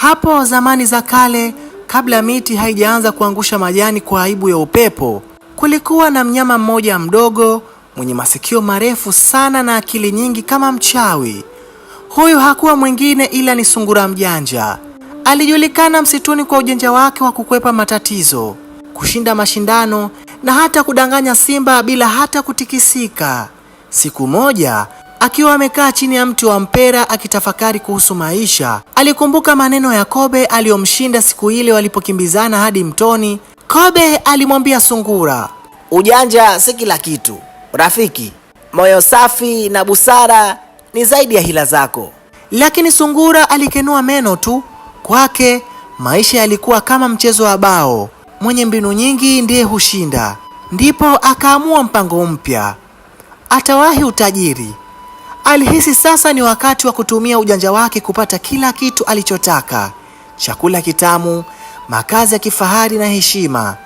Hapo zamani za kale, kabla miti haijaanza kuangusha majani kwa aibu ya upepo, kulikuwa na mnyama mmoja mdogo mwenye masikio marefu sana na akili nyingi kama mchawi. Huyu hakuwa mwingine ila ni sungura mjanja. Alijulikana msituni kwa ujanja wake wa kukwepa matatizo, kushinda mashindano na hata kudanganya simba bila hata kutikisika. Siku moja Akiwa amekaa chini ya mti wa mpera akitafakari kuhusu maisha, alikumbuka maneno ya kobe aliyomshinda siku ile walipokimbizana hadi mtoni. Kobe alimwambia sungura, ujanja si kila kitu rafiki, moyo safi na busara ni zaidi ya hila zako. Lakini sungura alikenua meno tu. Kwake maisha yalikuwa kama mchezo wa bao, mwenye mbinu nyingi ndiye hushinda. Ndipo akaamua mpango mpya, atawahi utajiri. Alihisi sasa ni wakati wa kutumia ujanja wake kupata kila kitu alichotaka: chakula kitamu, makazi ya kifahari na heshima.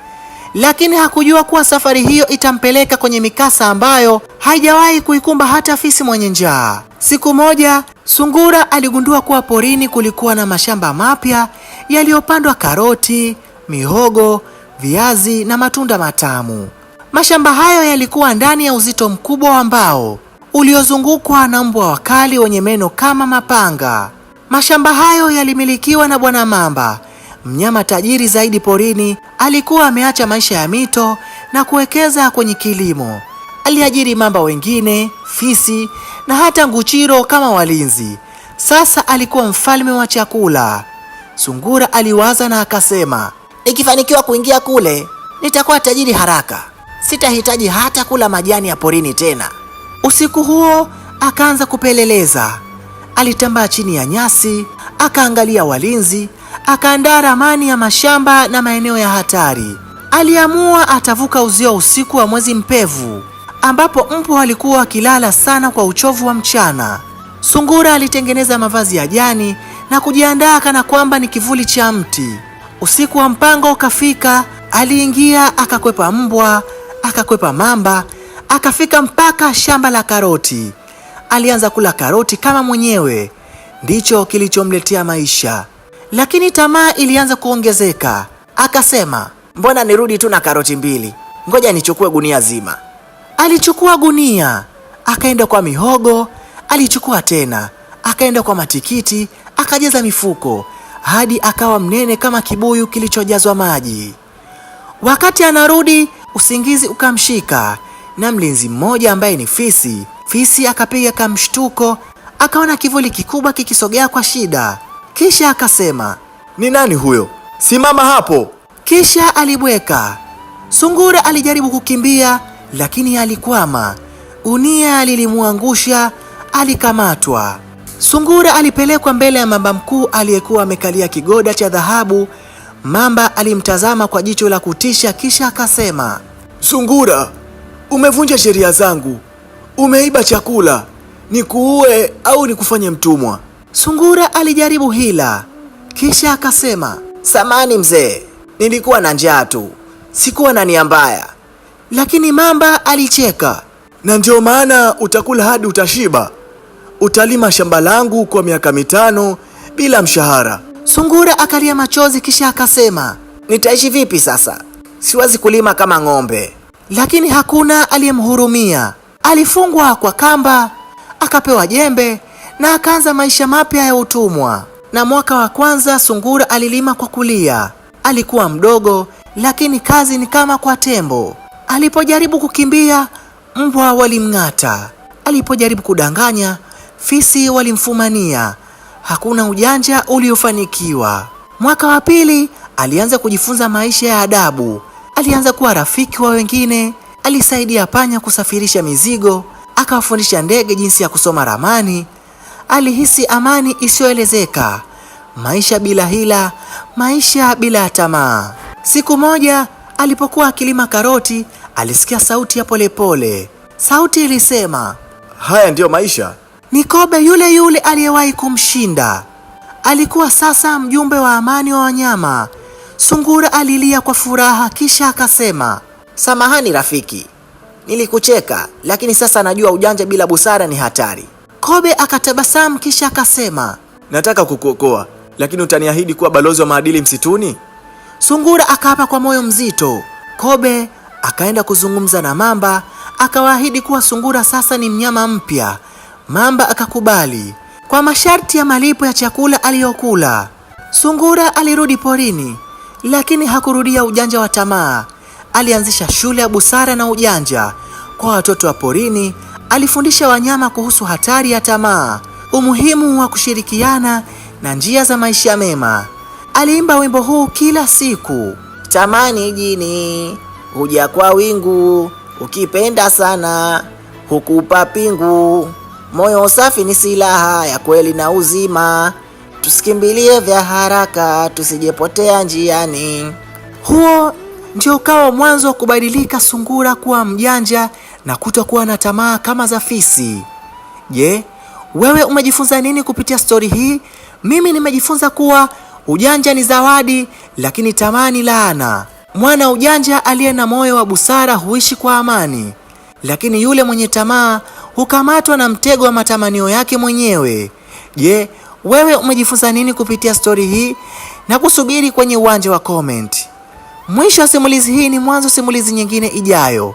Lakini hakujua kuwa safari hiyo itampeleka kwenye mikasa ambayo haijawahi kuikumba hata fisi mwenye njaa. Siku moja, Sungura aligundua kuwa porini kulikuwa na mashamba mapya yaliyopandwa karoti, mihogo, viazi na matunda matamu. Mashamba hayo yalikuwa ndani ya uzito mkubwa wa mbao uliozungukwa na mbwa wakali wenye meno kama mapanga. Mashamba hayo yalimilikiwa na Bwana Mamba, mnyama tajiri zaidi porini. Alikuwa ameacha maisha ya mito na kuwekeza kwenye kilimo. Aliajiri mamba wengine, fisi na hata nguchiro kama walinzi. Sasa alikuwa mfalme wa chakula. Sungura aliwaza na akasema, nikifanikiwa kuingia kule nitakuwa tajiri haraka, sitahitaji hata kula majani ya porini tena. Usiku huo akaanza kupeleleza. Alitambaa chini ya nyasi, akaangalia walinzi, akaandaa ramani ya mashamba na maeneo ya hatari. Aliamua atavuka uzio usiku wa mwezi mpevu ambapo mpo alikuwa akilala sana kwa uchovu wa mchana. Sungura alitengeneza mavazi ya jani na kujiandaa kana kwamba ni kivuli cha mti. Usiku wa mpango ukafika, aliingia akakwepa mbwa, akakwepa mamba Akafika mpaka shamba la karoti, alianza kula karoti kama mwenyewe. Ndicho kilichomletea maisha, lakini tamaa ilianza kuongezeka. Akasema, mbona nirudi tu na karoti mbili, ngoja nichukue gunia zima. Alichukua gunia, akaenda kwa mihogo, alichukua tena, akaenda kwa matikiti, akajaza mifuko hadi akawa mnene kama kibuyu kilichojazwa maji. Wakati anarudi, usingizi ukamshika na mlinzi mmoja ambaye ni fisi. Fisi akapiga kamshtuko, akaona kivuli kikubwa kikisogea kwa shida, kisha akasema, ni nani huyo? Simama hapo! Kisha alibweka. Sungura alijaribu kukimbia lakini alikwama. Unia lilimwangusha, alikamatwa. Sungura alipelekwa mbele ya mamba mkuu aliyekuwa amekalia kigoda cha dhahabu. Mamba alimtazama kwa jicho la kutisha, kisha akasema, Sungura, Umevunja sheria zangu, umeiba chakula, nikuue au nikufanye mtumwa. Sungura alijaribu hila, kisha akasema, samani mzee, nilikuwa na njaa tu, sikuwa na nia mbaya. Lakini mamba alicheka, na ndio maana utakula hadi utashiba, utalima shamba langu kwa miaka mitano bila mshahara. Sungura akalia machozi, kisha akasema, nitaishi vipi sasa? Siwezi kulima kama ng'ombe lakini hakuna aliyemhurumia. Alifungwa kwa kamba, akapewa jembe na akaanza maisha mapya ya utumwa. Na mwaka wa kwanza Sungura alilima kwa kulia. Alikuwa mdogo, lakini kazi ni kama kwa tembo. Alipojaribu kukimbia, mbwa walimng'ata. Alipojaribu kudanganya, fisi walimfumania. Hakuna ujanja uliofanikiwa. Mwaka wa pili alianza kujifunza maisha ya adabu alianza kuwa rafiki wa wengine, alisaidia panya kusafirisha mizigo, akawafundisha ndege jinsi ya kusoma ramani. Alihisi amani isiyoelezeka, maisha bila hila, maisha bila tamaa. Siku moja alipokuwa akilima karoti, alisikia sauti ya polepole. Sauti ilisema, haya ndiyo maisha. Nikobe yule yule aliyewahi kumshinda alikuwa sasa mjumbe wa amani wa wanyama. Sungura alilia kwa furaha kisha akasema, samahani rafiki, nilikucheka, lakini sasa najua ujanja bila busara ni hatari. Kobe akatabasamu kisha akasema, nataka kukuokoa, lakini utaniahidi kuwa balozi wa maadili msituni? Sungura akaapa kwa moyo mzito. Kobe akaenda kuzungumza na mamba, akawaahidi kuwa sungura sasa ni mnyama mpya. Mamba akakubali kwa masharti ya malipo ya chakula aliyokula. Sungura alirudi porini lakini hakurudia ujanja wa tamaa. Alianzisha shule ya busara na ujanja kwa watoto wa porini. Alifundisha wanyama kuhusu hatari ya tamaa, umuhimu wa kushirikiana na njia za maisha mema. Aliimba wimbo huu kila siku: tamani jini huja kwa wingu, ukipenda sana hukupa pingu, moyo safi ni silaha ya kweli na uzima tusikimbilie vya haraka, tusijepotea njiani. Huo ndio ukawa mwanzo wa kubadilika sungura kuwa mjanja na kutokuwa na tamaa kama za fisi. Je, wewe umejifunza nini kupitia stori hii? Mimi nimejifunza kuwa ujanja ni zawadi, lakini tamaa ni laana. Mwana ujanja aliye na moyo wa busara huishi kwa amani, lakini yule mwenye tamaa hukamatwa na mtego wa matamanio yake mwenyewe. Je, wewe umejifunza nini kupitia stori hii na kusubiri kwenye uwanja wa comment. Mwisho wa simulizi hii ni mwanzo simulizi nyingine ijayo.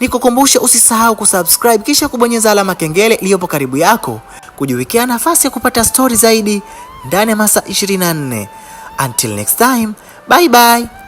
Nikukumbushe usisahau kusubscribe kisha kubonyeza alama kengele iliyopo karibu yako kujiwekea nafasi ya kupata stori zaidi ndani ya masaa 24. Until next time, bye bye.